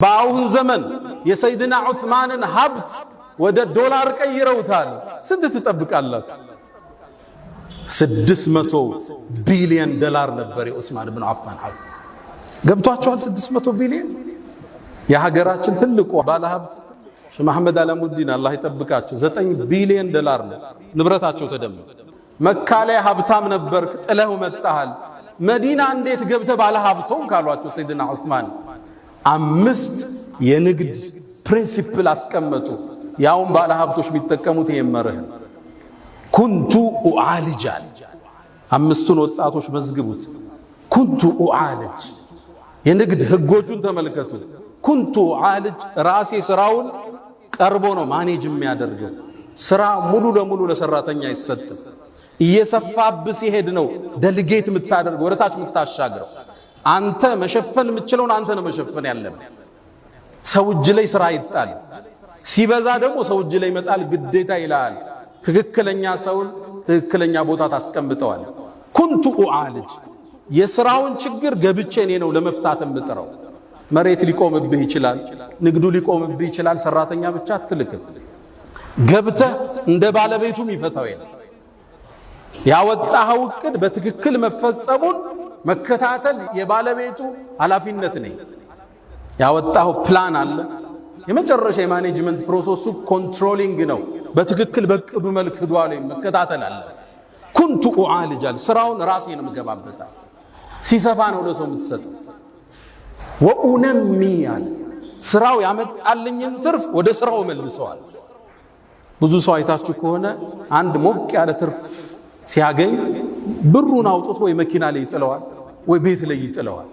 በአሁን ዘመን የሰይድና ዑስማንን ሀብት ወደ ዶላር ቀይረውታል። ስንት ትጠብቃላችሁ? ስድስት መቶ ዶላር ነበር የዑስማን ብን አፋን ሀብት። ገብቷችኋል? ስድስት መቶ የሀገራችን ትልቁ ባለሀብት ሼህ መሐመድ አላሙዲን አላህ ይጠብቃቸው፣ ዘጠኝ ቢሊየን ዶላር ነው ንብረታቸው ተደምሮ። መካ ላይ ሀብታም ነበርክ፣ ጥለህ መጣሃል። መዲና እንዴት ገብተህ ባለሀብቶም ካሏቸው ሰይድና ዑስማን አምስት የንግድ ፕሪንሲፕል አስቀመጡ። ያውም ባለ ሀብቶች የሚጠቀሙት ይሄን መርህ ኩንቱ ኡዓልጃል። አምስቱን ወጣቶች መዝግቡት። ኩንቱ ኡዓልጅ፣ የንግድ ህጎቹን ተመልከቱ። ኩንቱ ኡዓልጅ፣ ራሴ ስራውን ቀርቦ ነው ማኔጅ የሚያደርገው። ስራ ሙሉ ለሙሉ ለሰራተኛ አይሰጥም። እየሰፋብ ሲሄድ ነው ደልጌት የምታደርገው ወደታች የምታሻግረው አንተ መሸፈን የምችለውን አንተ ነው መሸፈን ያለብህ። ሰው እጅ ላይ ስራ ይጣል፣ ሲበዛ ደግሞ ሰው እጅ ላይ ይመጣል፣ ግዴታ ይላል። ትክክለኛ ሰውን ትክክለኛ ቦታ ታስቀምጠዋል። ኩንቱ ኡዓልጅ የስራውን ችግር ገብቼ እኔ ነው ለመፍታት የምጥረው። መሬት ሊቆምብህ ይችላል፣ ንግዱ ሊቆምብህ ይችላል። ሰራተኛ ብቻ አትልክም። ገብተህ እንደ ባለቤቱም ይፈታው ያወጣኸው እቅድ በትክክል መፈጸሙን መከታተል የባለቤቱ ኃላፊነት ነው። ያወጣው ፕላን አለ። የመጨረሻ የማኔጅመንት ፕሮሰሱ ኮንትሮሊንግ ነው። በትክክል በቅዱ መልክ ዷል መከታተል አለ። ኩንቱ ኡዓልጃል ስራውን ራሴ ነው የምገባበታ። ሲሰፋ ነው ለሰው የምትሰጠው። ወኡነሚ አለ ስራው ያመጣልኝን ትርፍ ወደ ስራው መልሰዋል። ብዙ ሰው አይታችሁ ከሆነ አንድ ሞቅ ያለ ትርፍ ሲያገኝ ብሩን አውጥቶ ወይ መኪና ላይ ይጥለዋል ወይ ቤት ላይ ይጥለዋል።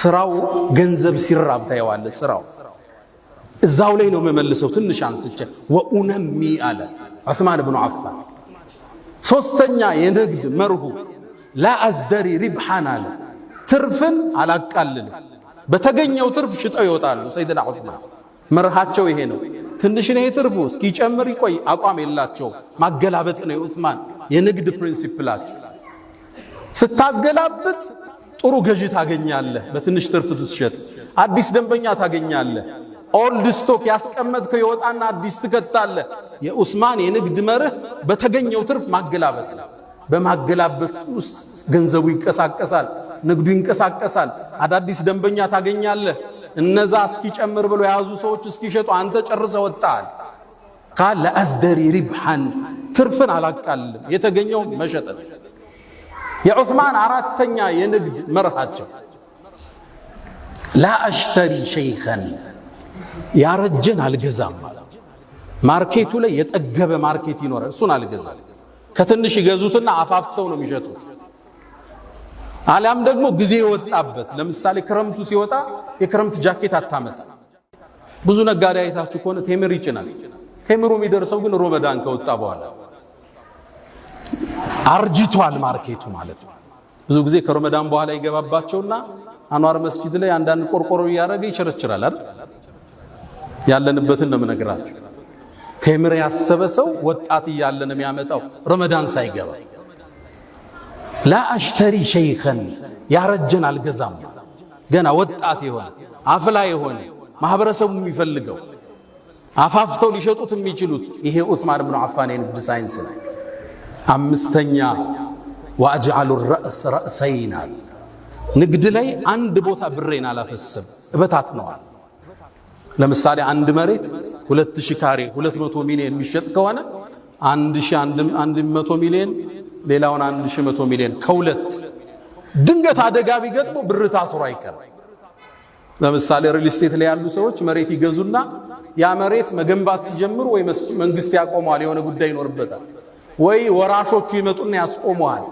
ስራው ገንዘብ ሲራብ ታየዋለ። ስራው እዛው ላይ ነው የምመልሰው። ትንሽ አንስቼ ወኡነሚ አለ ዑስማን ብኑ አፋን። ሶስተኛ የንግድ መርሁ ላአዝደሪ ሪብሓን አለ ትርፍን አላቃልልም። በተገኘው ትርፍ ሽጠው ይወጣሉ። ሰይድና ዑስማን መርሃቸው ይሄ ነው። ትንሽ ነው ትርፉ፣ እስኪጨምር ይቆይ አቋም የላቸው ማገላበጥ ነው የዑስማን የንግድ ፕሪንሲፕላቸው። ስታስገላብጥ ጥሩ ገዢ ታገኛለህ። በትንሽ ትርፍ ትሸጥ አዲስ ደንበኛ ታገኛለህ። ኦልድ ስቶክ ያስቀመጥከው የወጣና አዲስ ትከታለ የኡስማን የንግድ መርህ በተገኘው ትርፍ ማገላበጥ ነው። በማገላበጥ ውስጥ ገንዘቡ ይንቀሳቀሳል፣ ንግዱ ይንቀሳቀሳል። አዳዲስ ደንበኛ ታገኛለህ። እነዛ እስኪጨምር ብሎ የያዙ ሰዎች እስኪሸጡ አንተ ጨርሰ ወጣል። ቃል ለአዝደሪ ሪብሐን ትርፍን አላቃልም። የተገኘው መሸጥ ነው። የዑስማን አራተኛ የንግድ መርሃቸው ላ ሸይኸን ያረጀን አልገዛም። ማርኬቱ ላይ የጠገበ ማርኬት ይኖራል፣ እሱን አልገዛም። ከትንሽ ይገዙትና አፋፍተው ነው የሚሸጡት። አሊያም ደግሞ ጊዜ የወጣበት ለምሳሌ ክረምቱ ሲወጣ የክረምት ጃኬት አታመጣ። ብዙ ነጋዴ አይታችሁ ከሆነ ቴምር ይጭናል። ቴምሩ የሚደርሰው ግን ሮመዳን ከወጣ በኋላ አርጅቷል ማርኬቱ ማለት ነው። ብዙ ጊዜ ከረመዳን በኋላ ይገባባቸውና አኗር መስጂድ ላይ አንዳንድ ቆርቆሮ እያደረገ ይቸረችራል አይደል? ያለንበትን ነው የምነግራችሁ። ቴምር ያሰበ ሰው ወጣት እያለ የሚያመጣው ረመዳን ሳይገባ። ላ አሽተሪ ሸይኸን ያረጀን አልገዛም። ገና ወጣት የሆነ አፍላ የሆነ ማህበረሰቡ የሚፈልገው አፋፍተው ሊሸጡት የሚችሉት ይሄ ዑስማን ብኑ አፋን የንግድ ሳይንስ ነው። አምስተኛ ወአጅዓሉ ረእስ ረእሰይናል ንግድ ላይ አንድ ቦታ ብሬን አላፈስም፣ እበታት ነዋል። ለምሳሌ አንድ መሬት ሁለት ሺህ ካሬ 200 ሚሊዮን የሚሸጥ ከሆነ አንድ ሺህ አንድ ሚሊዮን ሌላውን አንድ ሚሊዮን ከሁለት ድንገት አደጋ ቢገጥሞ ብር ታስሮ አይቀርም። ለምሳሌ ሪል ስቴት ላይ ያሉ ሰዎች መሬት ይገዙና ያ መሬት መገንባት ሲጀምሩ ወይ መንግስት ያቆመዋል፣ የሆነ ጉዳይ ይኖርበታል። ወይ ወራሾቹ ይመጡና ያስቆመዋል።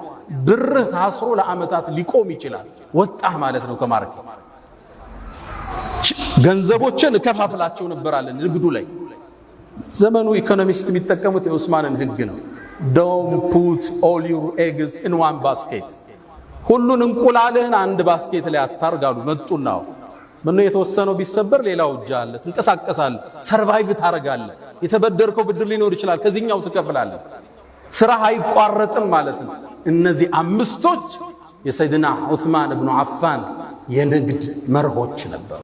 ብርህ ታስሮ ለዓመታት ሊቆም ይችላል። ወጣህ ማለት ነው ከማርኬት ገንዘቦችን እከፋፍላቸው አለ ንግዱ ላይ ዘመኑ ኢኮኖሚስት የሚጠቀሙት የዑስማንን ህግ ነው። ዶን ፑት ኦል ዩር ኤግስ ኢን ዋን ባስኬት፣ ሁሉን እንቁላልህን አንድ ባስኬት ላይ አታርጋሉ። መጡና ምን የተወሰነው ቢሰበር ሌላው እጅ አለ፣ ትንቀሳቀሳለህ፣ ሰርቫይቭ ታረጋለህ። የተበደርከው ብድር ሊኖር ይችላል፣ ከዚህኛው ትከፍላለህ። ስራ አይቋረጥም ማለት ነው። እነዚህ አምስቶች የሰይድና ዑስማን እብኑ አፋን የንግድ መርሆች ነበሩ።